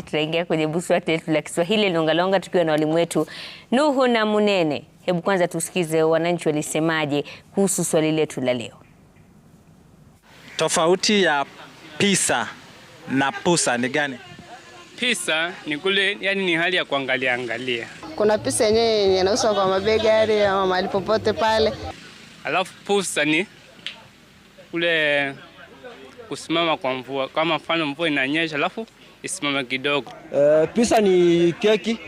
tutaingia kwenye busu letu la Kiswahili longalonga tukiwa na walimu wetu Nuhu na Munene. Hebu kwanza tusikize wananchi walisemaje kuhusu swali letu la leo. Tofauti ya pisa na pusa ni gani? Pisa ni kule, yani ni hali ya kuangalia angalia. Kuna pisa yenyewe inauswa kwa mabega yale ama mahali popote pale, alafu pusa ni kule kusimama kwa mvua, kama mfano mvua inanyesha alafu isimame kidogo. Eh, pisa ni keki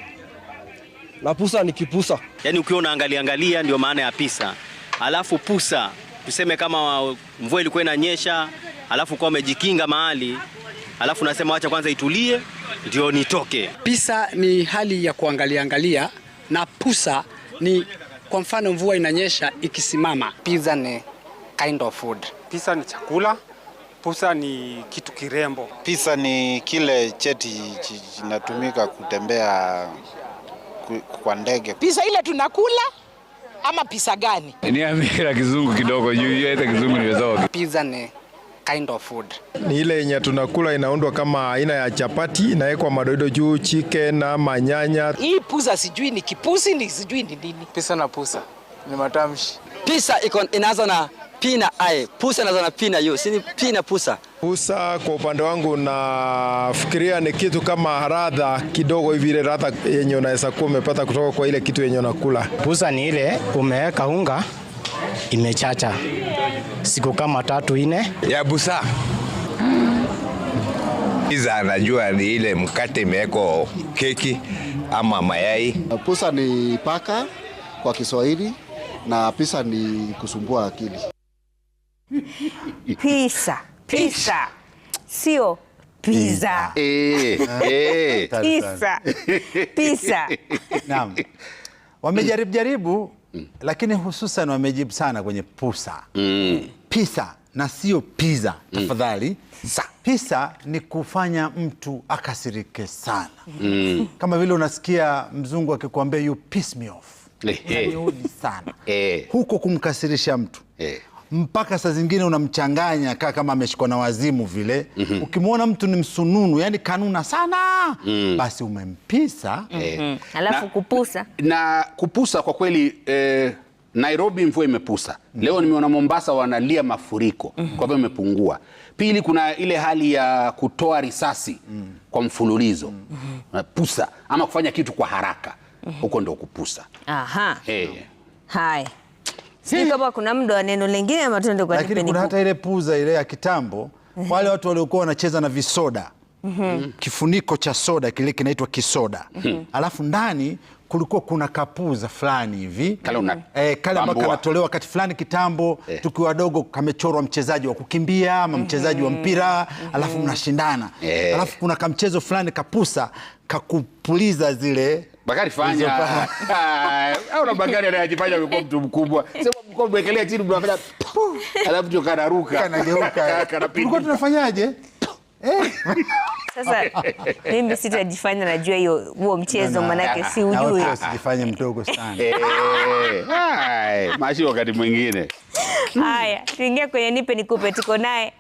na pusa ni kipusa, yaani ukiwa unaangalia angalia, ndio maana ya pisa. Alafu pusa, tuseme kama mvua ilikuwa inanyesha, alafu kwa umejikinga mahali, alafu nasema wacha kwanza itulie ndio nitoke. Pisa ni hali ya kuangalia angalia, na pusa ni kwa mfano mvua inanyesha ikisimama. Pizza ni kind of food. Pizza ni chakula Pusa ni kitu kirembo. Pisa ni kile cheti kinatumika kutembea kwa ndege. Pisa ile tunakula ama pisa gani? amira kizungu kidogo juu hata kizungu niweza. Pizza ni kind of food. Ni ile yenye tunakula inaundwa kama aina ya chapati inawekwa madoido juu chicken na manyanya Hii pusa sijui ni kipusi ni sijui ni nini. Pisa na pusa ni matamshi. Pisa iko inaanza na Pina ae Pusa zana Pina yu sini Pina Pusa. Pusa kwa upande wangu nafikiria ni kitu kama radha kidogo hivi, ile radha yenye unaweza kuwa umepata kutoka kwa ile kitu yenye unakula. Pusa ni ile umeweka unga imechacha siku kama tatu ine ya busa iza, anajua ni ile mkate imeweko keki ama mayai. Pusa ni paka kwa Kiswahili na pisa ni kusumbua akili. Pisa, pisa sio pisa pisa pisa. Naam. Wamejaribu jaribu Lakini hususan wamejibu sana kwenye pusa mm. Pisa na sio pizza mm. tafadhali Pisa ni kufanya mtu akasirike sana mm. Kama vile unasikia mzungu akikwambia you piss me off, eh, eh. unaniudhi sana eh. huko kumkasirisha mtu mpaka saa zingine unamchanganya kaa kama ameshikwa na wazimu vile. mm -hmm. Ukimwona mtu ni msununu, yani kanuna sana mm. Basi umempisa mm -hmm. Alafu kupusa na kupusa kwa kweli eh, Nairobi mvua imepusa leo, nimeona Mombasa wanalia mafuriko mm -hmm. Kwa hivyo imepungua. Pili, kuna ile hali ya kutoa risasi mm -hmm. kwa mfululizo mm -hmm. pusa ama kufanya kitu kwa haraka mhm. huko mm -hmm. ndo kupusa. Aha. Hey. Eh. Hai. Sijui kama kuna mdo wa neno lingine ama twende kwa Lakini kuna hata ile puza ile ya kitambo mhm. wale watu waliokuwa wanacheza na visoda mm -hmm. kifuniko cha soda kile kinaitwa kisoda mm -hmm. alafu ndani kulikuwa kuna kapuza fulani hivi eh, kale ambayo kanatolewa wakati fulani kitambo eh. tukiwa wadogo, kamechorwa mchezaji wa kukimbia ama mchezaji wa mhm. mpira mm -hmm. alafu mnashindana eh. alafu kuna kamchezo fulani kapusa kakupuliza zile bagari fanya. Au na bagari anayajifanya amekuwa mtu mkubwa. mkono chini, alafu ndio kanaruka kanageuka, tulikuwa tunafanyaje? Eh. Sasa mimi sitajifanya najua hiyo huo mchezo manake ah, si ujui. Usijifanye mdogo sana. Eh, mashi wakati mwingine. Haya, tuingia kwenye nipe nikupe, tuko naye.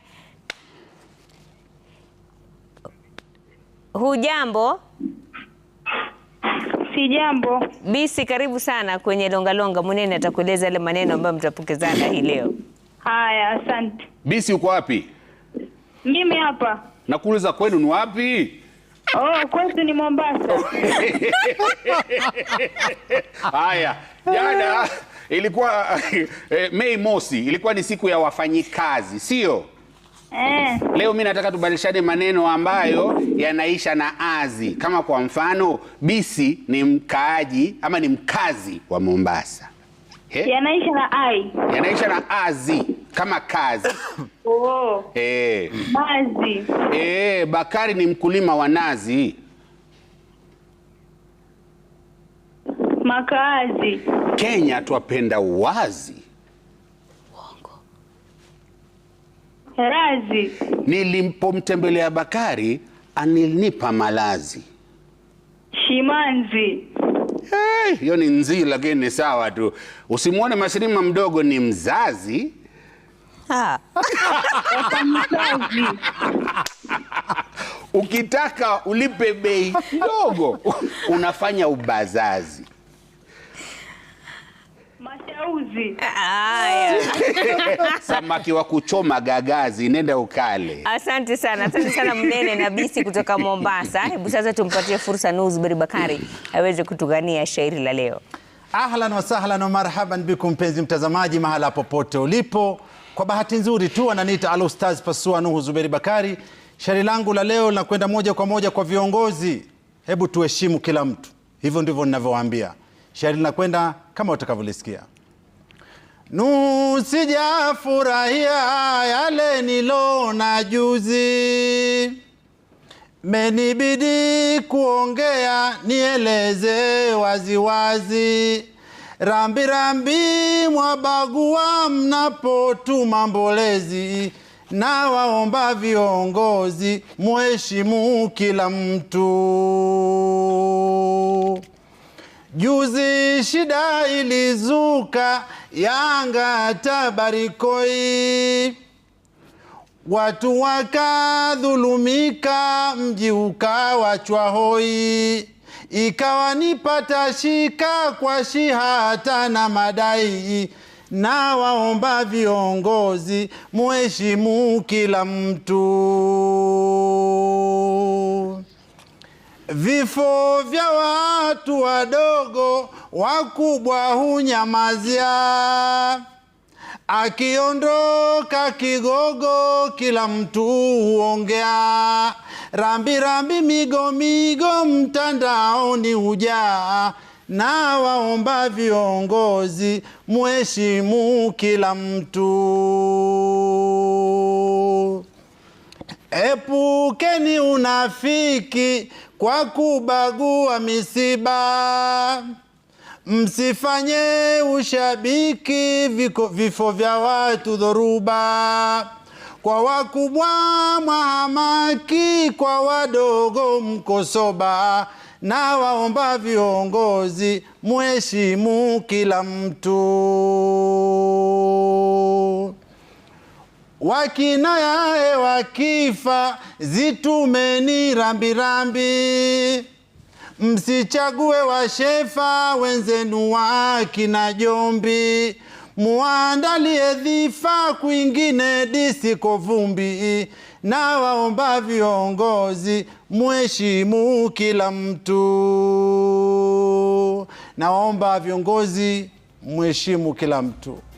Hujambo? Si jambo Bisi, karibu sana kwenye Longalonga. Munene atakueleza yale maneno ambayo mtapokezana hii leo. Haya, asante. Bisi, uko wapi? Mimi hapa. Nakuuliza, kwenu ni wapi? Oh, kwetu ni Mombasa. Haya, jana ilikuwa eh, Mei Mosi, ilikuwa ni siku ya wafanyikazi, sio? Eh. Leo mimi nataka tubadilishane maneno ambayo yanaisha na azi. Kama kwa mfano, Bisi ni mkaaji ama ni mkazi wa Mombasa. He? Yanaisha na ai. Yanaisha na azi kama kazi. Oh. Eh. Nazi. Eh, Bakari ni mkulima wa nazi. Makazi. Kenya twapenda uwazi. Razi. Nilipomtembelea Bakari aninipa malazi. Shimanzi. Eh, hiyo ni nzii lakini ni sawa tu. Usimwone Masilima mdogo ni mzazi. Ukitaka ulipe bei kidogo unafanya ubazazi. gagazi. Samaki wa kuchoma gagazi, nenda ukale. Asante sana, asante sana Mnene na Bisi kutoka Mombasa. Hebu sasa tumpatie fursa Nuzberi Bakari aweze kutugania shairi la leo. Ahlan wa sahlan wa marhaban bikum, mpenzi mtazamaji, mahala popote ulipo. Kwa bahati nzuri tu ananiita Alustaz Pasua Nuhu Zuberi Bakari. Shairi langu la leo linakwenda moja kwa moja kwa viongozi. Hebu tuheshimu kila mtu, hivyo ndivyo ninavyowaambia. Shairi linakwenda kama utakavyolisikia. Nusijafurahia yale nilona juzi, menibidi kuongea nieleze waziwazi. Rambirambi mwabagua mnapotuma mbolezi, na waomba viongozi muheshimu kila mtu. Juzi shida ilizuka Yanga Tabarikoi, watu wakadhulumika, mji ukawachwa hoi, ikawa nipata shika kwa shihata na madai, na waomba viongozi muheshimu kila mtu Vifo vya watu wadogo wakubwa hunyamazia, akiondoka kigogo kila mtu huongea, rambirambi migomigo mtandaoni hujaa, na waomba viongozi mweshimu kila mtu. Epukeni unafiki kwa kubagua misiba, msifanye ushabiki viko, vifo vya watu dhoruba. Kwa wakubwa mwahamaki, kwa wadogo mkosoba, na waomba viongozi mweshimu kila mtu wakina yae wakifa zitumeni rambirambi, msichague washefa wenzenu wakina Jombi, muandalie dhifa kwingine disiko vumbi, na waomba viongozi mweshimu kila mtu. Nawaomba viongozi mweshimu kila mtu.